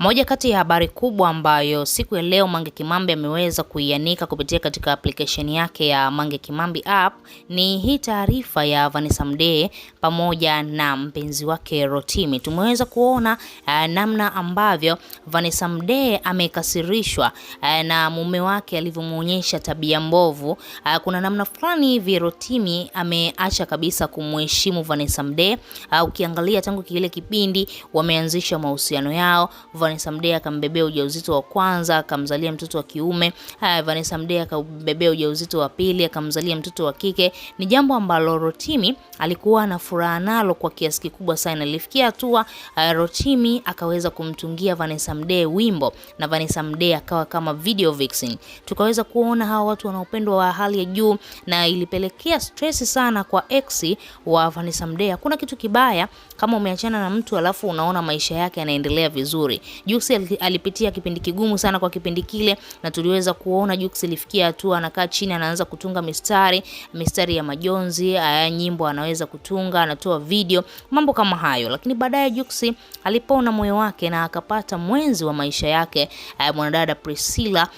Moja kati ya habari kubwa ambayo siku ya leo Mange Kimambi ameweza kuianika kupitia katika application yake ya Mange Kimambi app ni hii taarifa ya Vanessa Mdee pamoja na mpenzi wake Rotimi. Tumeweza kuona uh, namna ambavyo Vanessa Mdee amekasirishwa uh, na mume wake alivyomwonyesha tabia mbovu. Uh, kuna namna fulani hivi Rotimi ameacha kabisa kumheshimu Vanessa Mdee. Uh, ukiangalia tangu kile kipindi wameanzisha mahusiano yao Vanessa Mdee akambebea ujauzito wa kwanza akamzalia mtoto wa kiume. Haya, Vanessa Mdee akambebea ujauzito wa pili akamzalia mtoto wa kike. Ni jambo ambalo Rotimi alikuwa na furaha nalo kwa kiasi kikubwa sana. Ilifikia hatua eh, Rotimi akaweza kumtungia Vanessa Mdee wimbo na Vanessa Mdee akawa kama video vixen. Tukaweza kuona hawa watu wanaopendwa wa hali ya juu na ilipelekea stress sana kwa ex wa Vanessa Mdee. Hakuna kitu kibaya kama umeachana na mtu alafu unaona maisha yake yanaendelea vizuri juksi alipitia kipindi kigumu sana kwa kipindi kile, na tuliweza kuona juksi ilifikia hatua anakaa chini, anaanza kutunga mistari mistari ya majonzi aya nyimbo anaweza kutunga, anatoa video, mambo kama hayo. Lakini baadaye juksi alipona moyo wake na akapata mwenzi wa maisha yake, mwanadada Priscilla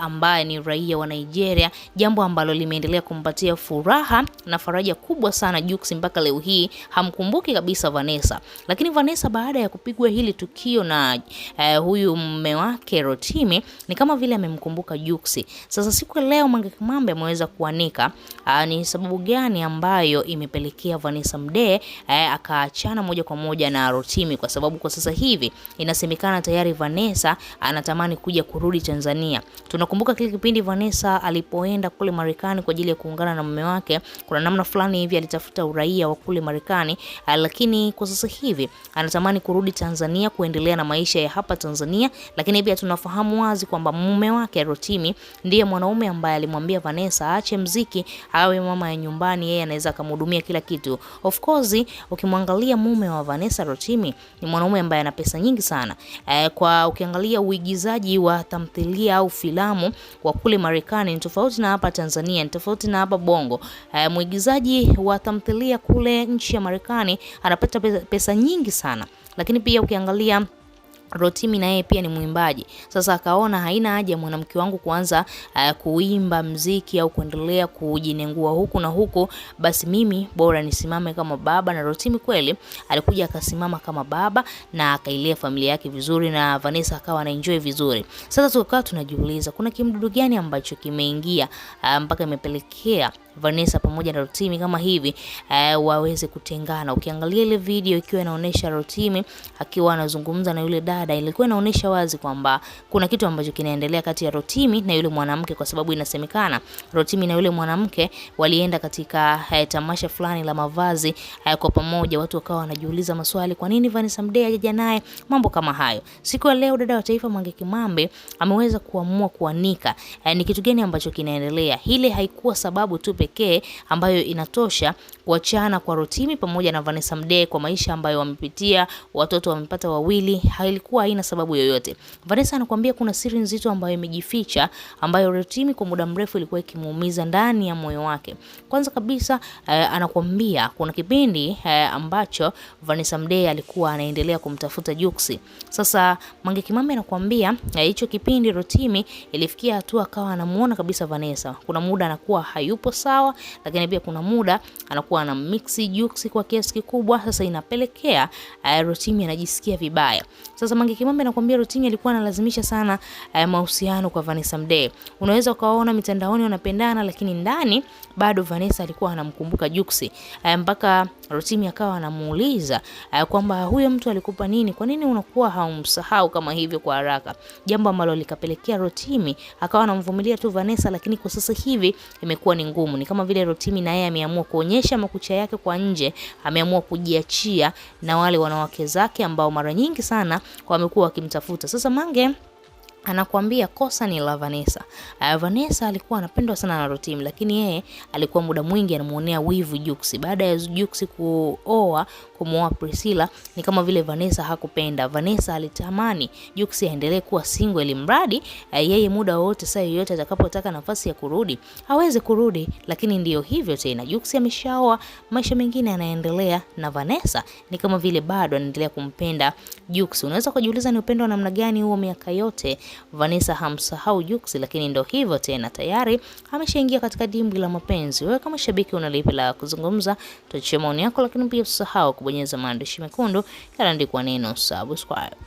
ambaye ni raia wa Nigeria, jambo ambalo limeendelea kumpatia furaha na faraja kubwa sana Jux. Mpaka leo hii hamkumbuki kabisa Vanessa, lakini Vanessa baada ya kupigwa hili tukio na uh, huyu mume wake Rotimi ni kama vile amemkumbuka Juksi. Sasa siku ya leo Mange Kimambe ameweza kuanika uh, ni sababu gani ambayo imepelekea Vanessa Mdee uh, akaachana moja kwa moja na Rotimi, kwa sababu kwa sasa hivi inasemekana tayari Vanessa anatamani kuja kurudi Tanzania. Tunakumbuka kile kipindi Vanessa alipoenda kule Marekani kwa ajili ya kuungana na mume wake, kuna namna fulani hivi alitafuta uraia wa kule Marekani, ah, lakini kwa sasa hivi anatamani kurudi Tanzania kuendelea na maisha ya hapa Tanzania, lakini pia tunafahamu wazi kwamba mume wake Rotimi ndiye mwanaume ambaye alimwambia Vanessa aache mziki awe mama ya nyumbani, yeye anaweza akamhudumia kila kitu. Of course ukimwangalia mume wa Vanessa Rotimi ni mwanaume ambaye ana pesa nyingi sana e, kwa ukiangalia uigizaji wa tamthilia au filamu wa kule Marekani ni tofauti na hapa Tanzania, ni tofauti na hapa Bongo. E, mwigizaji wa tamthilia kule nchi ya Marekani anapata pesa nyingi sana, lakini pia ukiangalia Rotimi na yeye pia ni mwimbaji. Sasa akaona haina haja mwanamke wangu kuanza uh, kuimba mziki au kuendelea kujinengua huku na huku, basi mimi bora nisimame kama baba. Na Rotimi kweli alikuja akasimama kama baba na akailea familia yake vizuri, na Vanessa akawa ana enjoy vizuri. Sasa tukawa tunajiuliza kuna kimdudu gani ambacho kimeingia uh, mpaka imepelekea Vanessa pamoja na Rotimi kama hivi eh, waweze kutengana. Ukiangalia ile video ikiwa inaonesha Rotimi akiwa anazungumza na yule dada, ilikuwa inaonesha wazi kwamba kuna kitu ambacho kinaendelea kati ya Rotimi na yule mwanamke, kwa sababu inasemekana Rotimi na yule mwanamke walienda katika eh, tamasha fulani la mavazi eh, kwa pamoja. Watu wakawa wanajiuliza maswali, kwa nini Vanessa Mdee hajaja naye, mambo kama hayo. Siku ya leo dada wa taifa Mange Kimambe ameweza kuamua kuanika eh, ni kitu gani ambacho kinaendelea. Ile haikuwa sababu tu pekee ambayo inatosha kuachana kwa Rotimi pamoja na Vanessa Mdee kwa maisha ambayo wamepitia, watoto wamepata wawili, hailikuwa haina sababu yoyote. Vanessa anakuambia kuna siri nzito ambayo imejificha ambayo Rotimi kwa muda mrefu ilikuwa ikimuumiza ndani ya moyo wake. Kwanza kabisa eh, anakuambia kuna kipindi eh, ambacho Vanessa Mdee alikuwa anaendelea kumtafuta Juksi. Sasa Mange Kimambi anakuambia eh, hicho eh, kipindi Rotimi ilifikia hatua akawa anamuona kabisa Vanessa. Kuna muda anakuwa hayupo saa sawa, lakini pia kuna muda anakuwa ana mix juksi kwa kiasi kikubwa, sasa inapelekea uh, eh, Rotimi anajisikia vibaya. Sasa Mange Kimambe anakuambia Rotimi alikuwa analazimisha sana uh, mahusiano kwa Vanessa Mdee. Unaweza ukaona mitandaoni wanapendana, lakini ndani bado Vanessa alikuwa anamkumbuka Juksi uh, eh, mpaka Rotimi akawa anamuuliza uh, kwamba huyo mtu alikupa nini? Kwa nini unakuwa haumsahau kama hivyo kwa haraka? Jambo ambalo likapelekea Rotimi akawa anamvumilia tu Vanessa, lakini kwa sasa hivi imekuwa ni ngumu ni kama vile Rotimi na yeye ameamua kuonyesha makucha yake kwa nje, ameamua kujiachia na wale wanawake zake ambao mara nyingi sana wamekuwa wakimtafuta. Sasa Mange anakuambia kosa ni la Vanessa. Ah, Vanessa alikuwa anapendwa sana na Rotim, lakini yeye alikuwa muda mwingi anamuonea wivu Jux. Baada ya Jux kuoa kumuoa Priscilla, ni kama vile Vanessa hakupenda. Vanessa alitamani Jux aendelee kuwa single, ili mradi ah, yeye muda wote, saa yoyote atakapotaka nafasi ya kurudi aweze kurudi. Lakini ndiyo hivyo tena, Jux ameshaoa, maisha mengine yanaendelea, na Vanessa ni kama vile bado anaendelea kumpenda Jux. Unaweza kujiuliza ni upendo wa namna gani huo miaka yote? Vanessa hamsahau Jux, lakini ndo hivyo tena, tayari ameshaingia katika dimbwi la mapenzi. Wewe kama shabiki una lipi la kuzungumza? Tuachie maoni yako, lakini pia usahau kubonyeza maandishi mekundu yanaandikwa neno subscribe.